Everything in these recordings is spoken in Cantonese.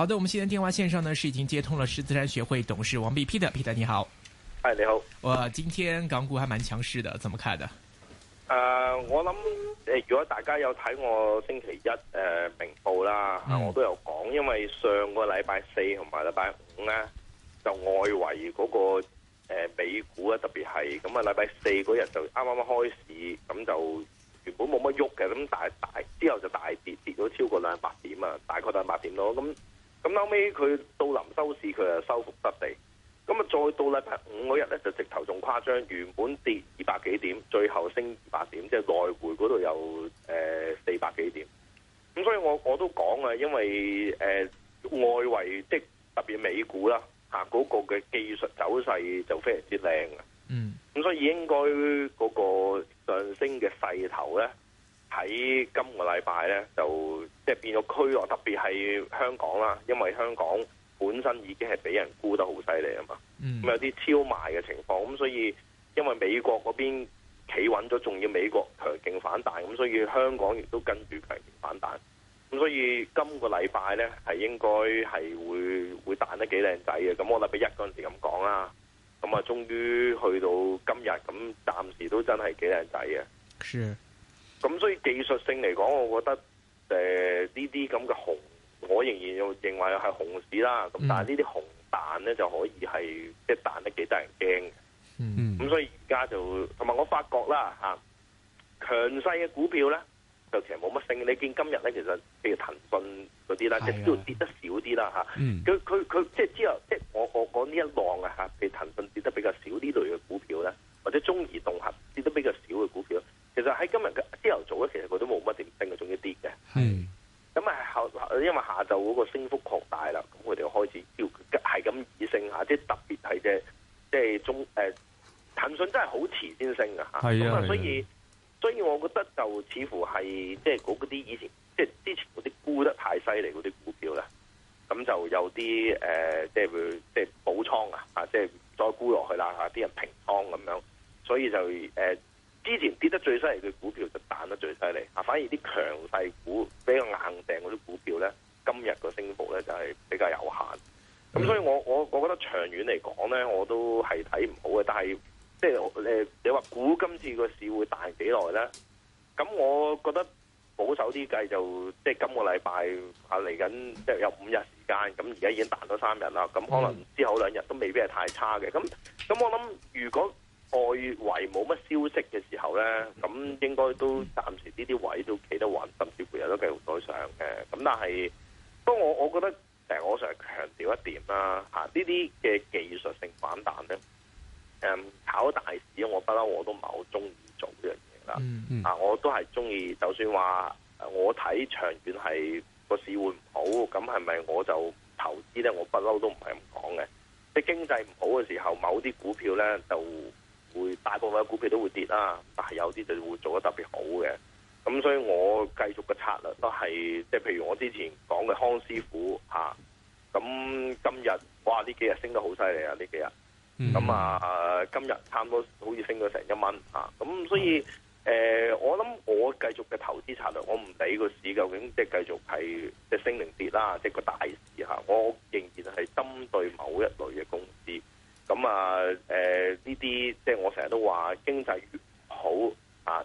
好的，我們現在電話線上呢，是已經接通了獅子山學會董事王弼的，Peter，Peter，你好。嗨，你好，我今天港股還蠻強勢的，怎麼看的？誒，uh, 我諗，誒，如果大家有睇我星期一誒、呃、明報啦，嗯、我都有講，因為上個禮拜四同埋禮拜五咧，就外圍嗰個誒美股啊，特別係咁啊禮拜四嗰日就啱啱開市，咁就原本冇乜喐嘅，咁大大之後就大跌，跌咗超過兩百點啊，大概兩百點咯，咁。咁後尾佢到臨收市佢就收復失地，咁啊再到禮拜五嗰日咧就直頭仲誇張，原本跌二百幾點，最後升二百點，即係來回嗰度有誒四百幾點。咁所以我我都講啊，因為誒、呃、外圍即特別美股啦，吓、啊、嗰、那個嘅技術走勢就非常之靚啊。嗯，咁所以應該嗰個上升嘅勢頭咧。喺今個禮拜咧，就即係變咗區咯，特別係香港啦，因為香港本身已經係俾人沽得好犀利啊嘛，咁有啲超賣嘅情況，咁、嗯、所以因為美國嗰邊企穩咗，仲要美國強勁反彈，咁所以香港亦都跟住強勁反彈，咁所以今個禮拜咧係應該係會會彈得幾靚仔嘅，咁我禮拜一嗰陣時咁講啦，咁啊終於去到今日，咁暫時都真係幾靚仔嘅。是。咁所以技術性嚟講，我覺得誒呢啲咁嘅熊，我仍然又認為係熊市啦。咁但係呢啲熊彈咧，就可以係即係彈得幾得人驚嘅。嗯，咁所以現在而家就同埋我發覺啦嚇，強勢嘅股票咧就其實冇乜升。你見今日咧，其實譬如騰訊嗰啲啦，的即係都跌得少啲啦嚇。佢佢佢即係之後，即係我我我講呢一浪啊嚇，譬如騰訊跌得比較少啲類嘅股票咧，或者中移動合跌得比較少嘅股票。其實喺今日嘅朝頭早咧，其實佢都冇乜定性嘅，仲要跌嘅。係咁啊，後因為下晝嗰個升幅擴大啦，咁佢哋開始叫係咁以升下，即係特別係嘅，即係中誒騰訊真係好遲先升嘅吓。咁啊，所以、啊、所以我覺得就似乎係即係嗰啲以前即係、即係、之前嗰啲沽得太犀利嗰啲股票啦，咁就有啲誒，即係會即係補倉啊，啊，即、即、係、係、再沽落去啦吓，啲、啊、人平倉咁樣，所以就誒。呃之前跌得最犀利嘅股票就彈得最犀利，啊！反而啲強勢股比較硬淨嗰啲股票呢，今日個升幅呢就係、是、比較有限。咁所以我我我覺得長遠嚟講呢，我都係睇唔好嘅。但係即係你話估今次個市會彈幾耐呢？咁我覺得保守啲計，就即係今個禮拜啊嚟緊，即係、啊、有五日時間，咁而家已經彈咗三日啦，咁可能之後兩日都未必係太差嘅。咁咁我諗如果。外圍冇乜消息嘅時候呢，咁應該都暫時呢啲位都企得穩，甚至乎有得繼續再上嘅。咁但係，不過我我覺得，誒、啊嗯，我想強調一點啦，吓呢啲嘅技術性反彈呢，誒、嗯，炒大市我不嬲我都唔係好中意做呢樣嘢啦。啊，我都係中意，就算話我睇長遠係個市會唔好，咁係咪我就投資呢？我不嬲都唔係咁講嘅。即係經濟唔好嘅時候，某啲股票呢就。會大部分嘅股票都會跌啦，但係有啲就會做得特別好嘅。咁所以我繼續嘅策略都係，即係譬如我之前講嘅康師傅吓，咁、啊、今日哇呢幾日升得好犀利啊！呢幾日咁、嗯嗯、啊，今日差唔多好似升咗成一蚊吓。咁、啊、所以誒、嗯呃，我諗我繼續嘅投資策略，我唔理個市究竟即係繼續係即係升定跌啦，即係個大市吓、啊，我仍然係針對某一類嘅公司。咁啊，誒呢啲即係我成日都話經濟越好啊，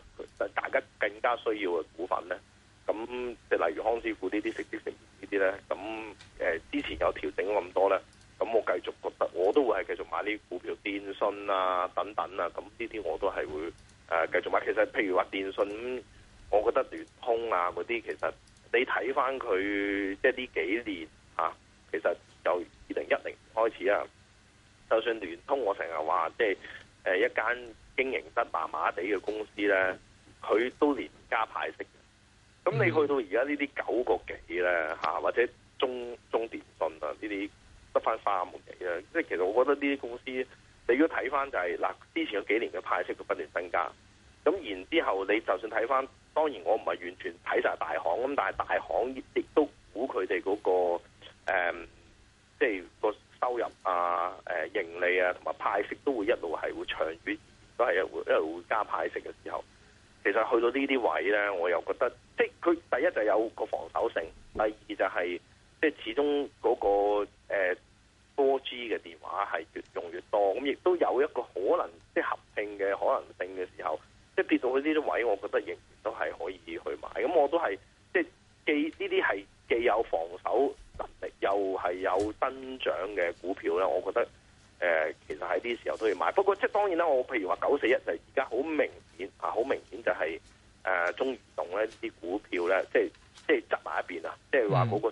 大家更加需要嘅股份咧。咁即係例如康師傅呢啲、食之肥呢啲咧。咁誒、呃、之前有調整咁多咧，咁我繼續覺得我都會係繼續買啲股票，電信啊等等啊。咁呢啲我都係會誒繼續買。其實譬如話電信，我覺得聯通啊嗰啲，其實你睇返佢即係呢幾年啊，其實由二零一零開始啊。就算聯通我，我成日話即係誒一間經營得麻麻地嘅公司咧，佢都連加派息。咁你去到而家呢啲九個幾咧嚇，或者中中電信啊呢啲得翻三蚊幾啊。即係其實我覺得呢啲公司你要睇翻就係嗱，之前有幾年嘅派息都不斷增加。咁然之後你就算睇翻，當然我唔係完全睇晒大行咁，但係大行亦都估佢哋嗰個誒，即係個。嗯就是那個收入啊，誒盈利啊，同埋派息都會一路係會長遠，都係一路一路會加派息嘅時候。其實去到這些置呢啲位咧，我又覺得，即係佢第一就有個防守性，第二就係、是、即係始終嗰個誒多 G 嘅電話係越用越多，咁亦都有一個可能即係合併嘅可能性嘅時候，即係跌到去呢啲位，我覺得仍然都係可以去買，咁我都係即係既呢啲係既有防。有增長嘅股票咧，我覺得誒，其實喺啲時候都要買。不過即係當然啦，我譬如話九四一就係而家好明顯啊，好明顯就係誒中移動咧啲股票咧，即係即係執埋一邊啊，即係話嗰個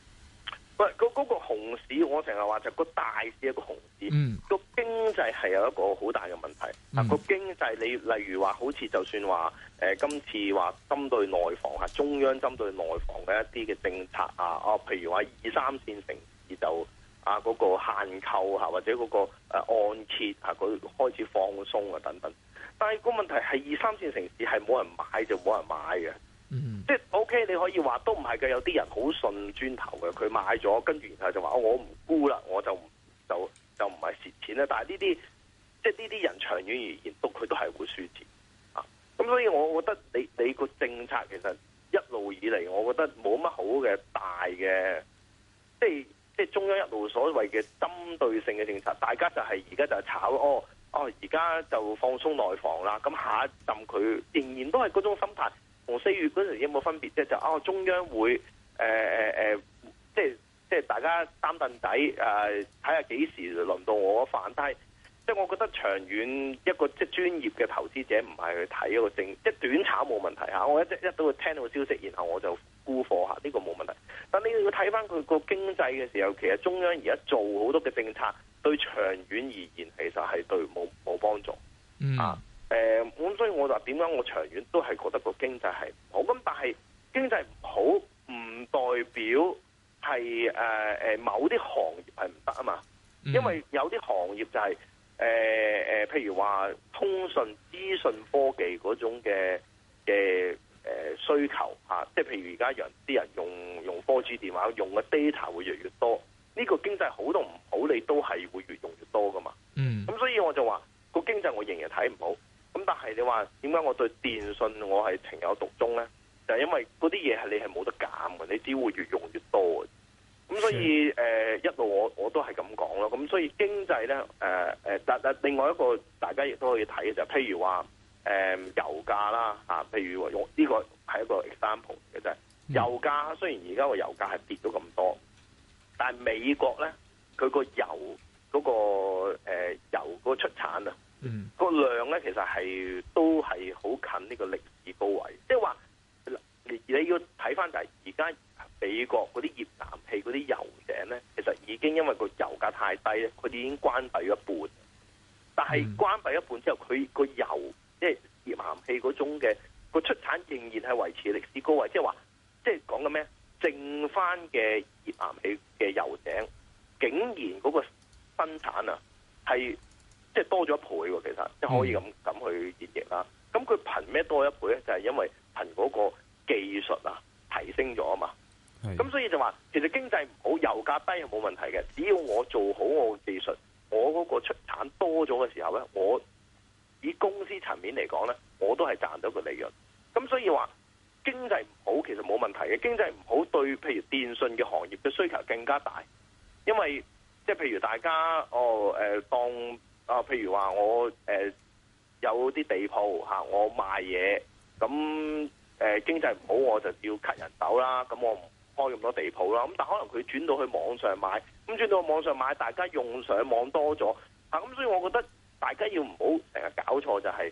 嗰個熊市，我成日話就個大市一個熊市，個、嗯、經濟係有一個好大嘅問題。嗱、嗯，個、啊、經濟你例如話好似就算話誒、呃、今次話針對內房嚇、啊，中央針對內房嘅一啲嘅政策啊，啊，譬如話二三線城市就啊嗰、嗰個限購啊，或者嗰、嗰個、啊、按揭啊，佢、啊、開始放鬆啊等等。但係個問題係二三線城市係冇人買就冇人買嘅。即係 O K，你可以話都唔係嘅，有啲人好信磚頭嘅，佢買咗，跟住然後就話我唔沽啦，我就就就唔係蝕錢啦。但係呢啲即係呢啲人長遠而言，都都佢都係會輸錢啊。咁所以我覺得你你個政策其實一路以嚟，我覺得冇乜好嘅大嘅，即係即係中央一路所謂嘅針對性嘅政策，大家就係而家就係炒哦哦，而家就放鬆內房啦。咁下一陣佢仍然都係嗰種心態。同四月嗰陣有冇分別啫？就啊，中央會誒誒誒，即係即係大家擔凳底啊，睇下幾時輪到我反軚。但係即係我覺得長遠一個即係專業嘅投資者唔係去睇一個政，即係短炒冇問題嚇。我一一到聽到消息，然後我就沽貨嚇，呢個冇問題。但你要睇翻佢個經濟嘅時候，其實中央而家做好多嘅政策，對長遠而言其實係對冇冇幫助、嗯、啊。誒，咁、呃、所以我就點解我長遠都係覺得個經濟係唔好，咁但係經濟唔好唔代表係誒誒某啲行業係唔得啊嘛，因為有啲行業就係誒誒，譬如話通訊資訊科技嗰種嘅嘅誒需求吓，即、啊、係譬如而家人啲人用用科技電話用嘅 data 會越嚟越多，呢、這個經濟好同唔好你都係會越用越多噶嘛，嗯，咁所以我就話個經濟我仍然睇唔好。咁但係你話點解我對電信我係情有獨鍾咧？就係、因為嗰啲嘢係你係冇得減嘅，你只會越用越多嘅。咁所以誒的、呃，一路我我都係咁講咯。咁所以經濟咧，誒、呃、誒，但、呃、但另外一個大家亦都可以睇嘅就係、是，譬如話誒、呃、油價啦，吓、啊，譬如用呢、這個係一個 example 嘅啫。油價雖然而家個油價係跌咗咁多，但係美國咧，佢個油。近呢個歷史高位，即係話你，你要睇翻就係而家美國嗰啲液氮氣嗰啲油井咧，其實已經因為個油價太低咧，佢哋已經關閉一半。但係關閉一半之後，佢個油即係液氮氣嗰種嘅。咩多一倍咧？就係、是、因為憑嗰個技術啊提升咗啊嘛，咁的所以就話，其實經濟唔好，油價低係冇問題嘅。只要我做好我技術，我嗰個出產多咗嘅時候咧，我以公司層面嚟講咧，我都係賺到個利潤。咁所以話經濟唔好，其實冇問題嘅。經濟唔好對，譬如電信嘅行業嘅需求更加大，因為即係、就是、譬如大家哦誒、呃、當啊、呃，譬如話我誒。呃有啲地鋪嚇，我賣嘢咁，誒，經濟唔好，我就要 cut 人手啦。咁我唔開咁多地鋪啦。咁但可能佢轉到去網上買，咁轉到網上買，大家用上網多咗啊。咁所以我覺得大家要唔好成日搞錯，就係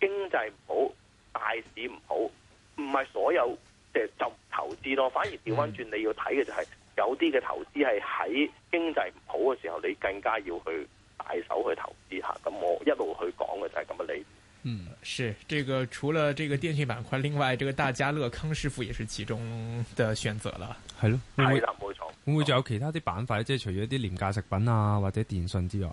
經濟唔好，大市唔好，唔係所有嘅就投資咯。反而調翻轉，你要睇嘅就係有啲嘅投資係喺經濟唔好嘅時候，你更加要去。大手去投資吓，咁我一路去講嘅就係咁嘅理。嗯，是，這個除了這個電信板塊，另外這個大家樂、康師傅也是其中的選擇啦。係咯，係啦，冇錯。會唔會仲有其他啲板塊咧？即係除咗啲廉價食品啊，或者電信之外？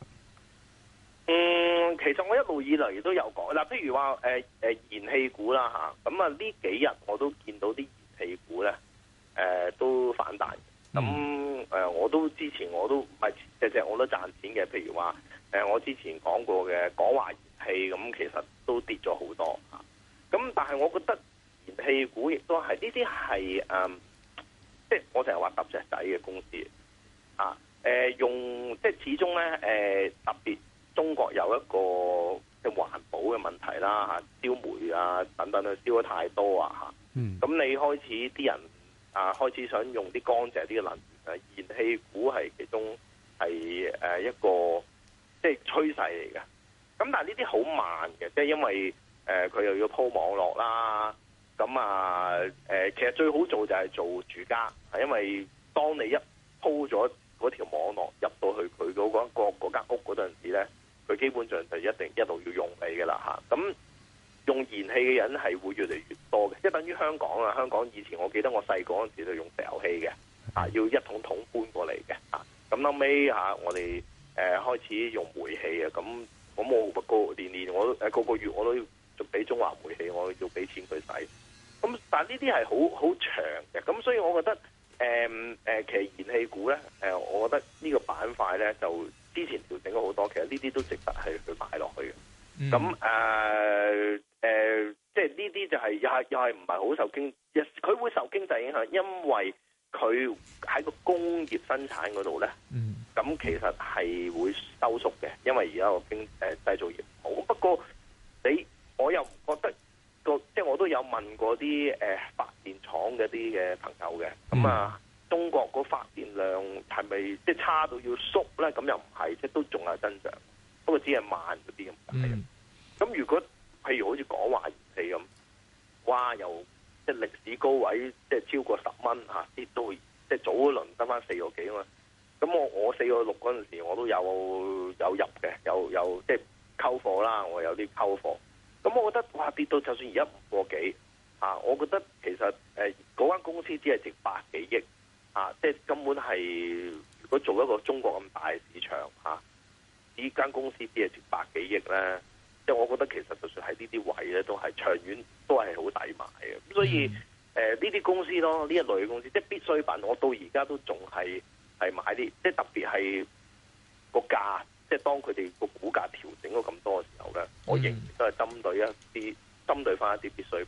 嗯，其實我一路以嚟都有講，嗱，譬如話誒誒燃氣股啦吓，咁啊呢幾日我都見到啲燃氣股咧，誒、呃、都反彈。咁誒，我都之前我都唔係隻隻我都賺錢嘅。譬如話誒，我之前講過嘅港華燃氣咁，其實都跌咗好多嚇。咁但係我覺得燃氣股亦都係呢啲係誒，即係我成日話揼石仔嘅公司啊。誒用即係始終咧誒、呃，特別中國有一個即係環保嘅問題啦嚇、啊，燒煤啊等等去燒得太多啊嚇。嗯。咁你開始啲人。啊！開始想用啲乾淨啲嘅能源啊，燃氣股係其中係一個，一個即係趨勢嚟嘅。咁但係呢啲好慢嘅，即係因為誒佢、呃、又要鋪網絡啦。咁啊誒、呃，其實最好做就係做住家，係因為當你一鋪咗嗰條網絡入到去佢嗰間屋嗰陣時咧，佢基本上就一定一路要用你嘅啦吓咁用燃氣嘅人係會越嚟越多嘅，即係等於香港啊！香港以前我記得我細個嗰陣時就用石油氣嘅，啊要一桶一桶搬過嚟嘅，啊咁後尾嚇、啊、我哋誒、呃、開始用煤氣啊，咁我冇個年年我都誒個個月我都就俾中華煤氣，我要俾錢佢使。咁但係呢啲係好好長嘅，咁所以我覺得誒誒、呃呃、其實燃氣股咧，誒、呃、我覺得呢個板塊咧就之前調整咗好多，其實呢啲都值得係去買落去嘅。咁誒、嗯。呃誒、呃，即係呢啲就係、是、又係又係唔係好受經濟，佢會受經濟影響，因為佢喺個工業生產嗰度呢，咁、嗯、其實係會收縮嘅。因為而家個經誒製造業唔好，不過你我又唔覺得個，即係我都有問過啲誒、呃、發電廠嗰啲嘅朋友嘅咁啊。嗯、中國個發電量係咪即係差到要縮呢？咁又唔係，即係都仲有增長，不過只係慢嗰啲咁咁如果譬如好似講話熱氣咁，哇！又即係歷史高位，即係超過十蚊嚇，跌到即係早一輪得翻四個幾嘛。咁我我四個六嗰陣時，我都有有入嘅，有有即係溝貨啦，我有啲溝貨。咁我覺得哇，跌到就算而家五個幾啊，我覺得其實誒嗰間公司只係值百幾億啊，即係根本係如果做一個中國咁大嘅市場嚇，依、啊、間公司只係值百幾億咧。即係我覺得其實就算係呢啲位咧，都係長遠都係好抵買嘅。咁所以誒，呢啲、嗯呃、公司咯，呢一類嘅公司，即係必需品，我到而家都仲係係買啲，即係特別係個價，即係當佢哋個股價調整咗咁多嘅時候咧，嗯、我仍然都係針對一啲，針對翻一啲必需品。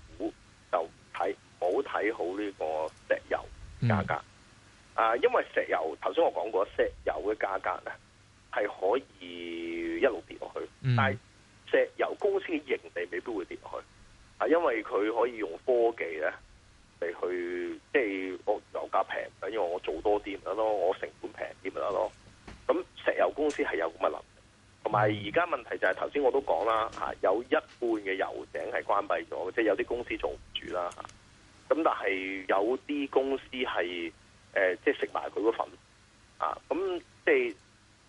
睇好呢個石油價格、嗯、啊，因為石油頭先我講過，石油嘅價格咧係可以一路跌落去，嗯、但係石油公司嘅盈利未必會跌落去啊，因為佢可以用科技咧嚟去即係、就是、我油價平，等於我做多啲咪得咯，我成本平啲咪得咯。咁石油公司係有咁嘅能力，同埋而家問題就係頭先我都講啦嚇，有一半嘅油井係關閉咗，即、就、係、是、有啲公司做唔住啦嚇。啊。咁但係有啲公司係誒，即係食埋佢嗰份啊。咁即係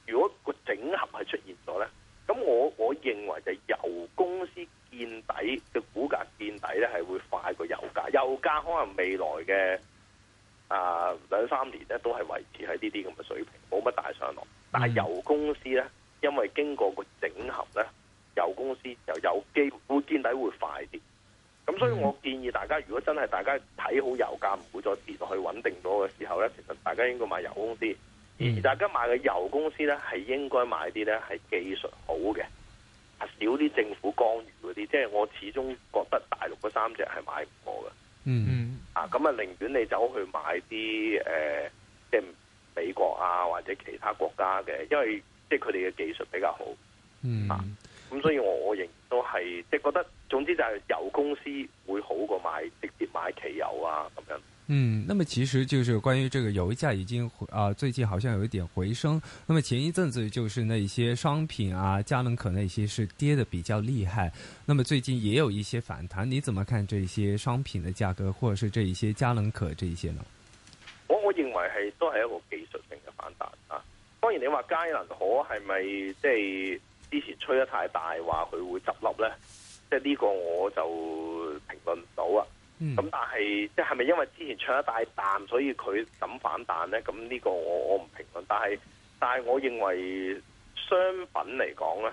如果個整合係出現咗咧，咁我我認為就油公司見底嘅股價見底咧，係會快過油價。油價可能未來嘅啊兩三年咧都係維持喺呢啲咁嘅水平，冇乜大上落。但係油公司咧，因為經過個整合咧，油公司就有機會見底會快啲。咁、嗯、所以，我建議大家如果真係大家睇好油價唔會再跌落去穩定咗嘅時候咧，其實大家應該買油公司。而大家買嘅油公司咧，係應該買啲咧係技術好嘅，少啲政府干預嗰啲。即、就、係、是、我始終覺得大陸嗰三隻係買唔過嘅。嗯嗯。啊，咁啊，寧願你走去買啲誒、呃，即係美國啊或者其他國家嘅，因為即係佢哋嘅技術比較好。嗯。啊咁、嗯、所以我，我我都係，即係覺得，總之就係油公司會好過買直接買汽油啊咁樣。嗯，那麼其實就是關於這個油價已經啊，最近好像有一點回升。那麼前一陣子就是那些商品啊，嘉能可那些是跌得比較厲害。那麼最近也有一些反彈，你怎麼看這些商品的價格，或者是這一些嘉能可這一些呢？我我認為係都係一個技術性嘅反彈啊。當然你說是是，你話嘉能可係咪即係？之前吹得太大，話佢會執笠呢，即係呢個我就評論唔到啊。咁、嗯、但係，即係咪因為之前唱得太淡，所以佢咁反彈呢？咁呢個我我唔評論。但係，但係我認為商品嚟講呢，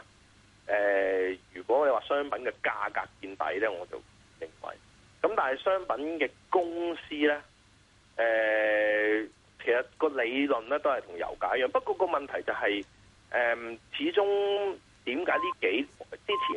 誒、呃，如果你話商品嘅價格見底呢，我就認為。咁但係商品嘅公司呢，誒、呃，其實個理論呢都係同油價一樣。不過個問題就係，是，誒、呃，始終。點解呢幾之前。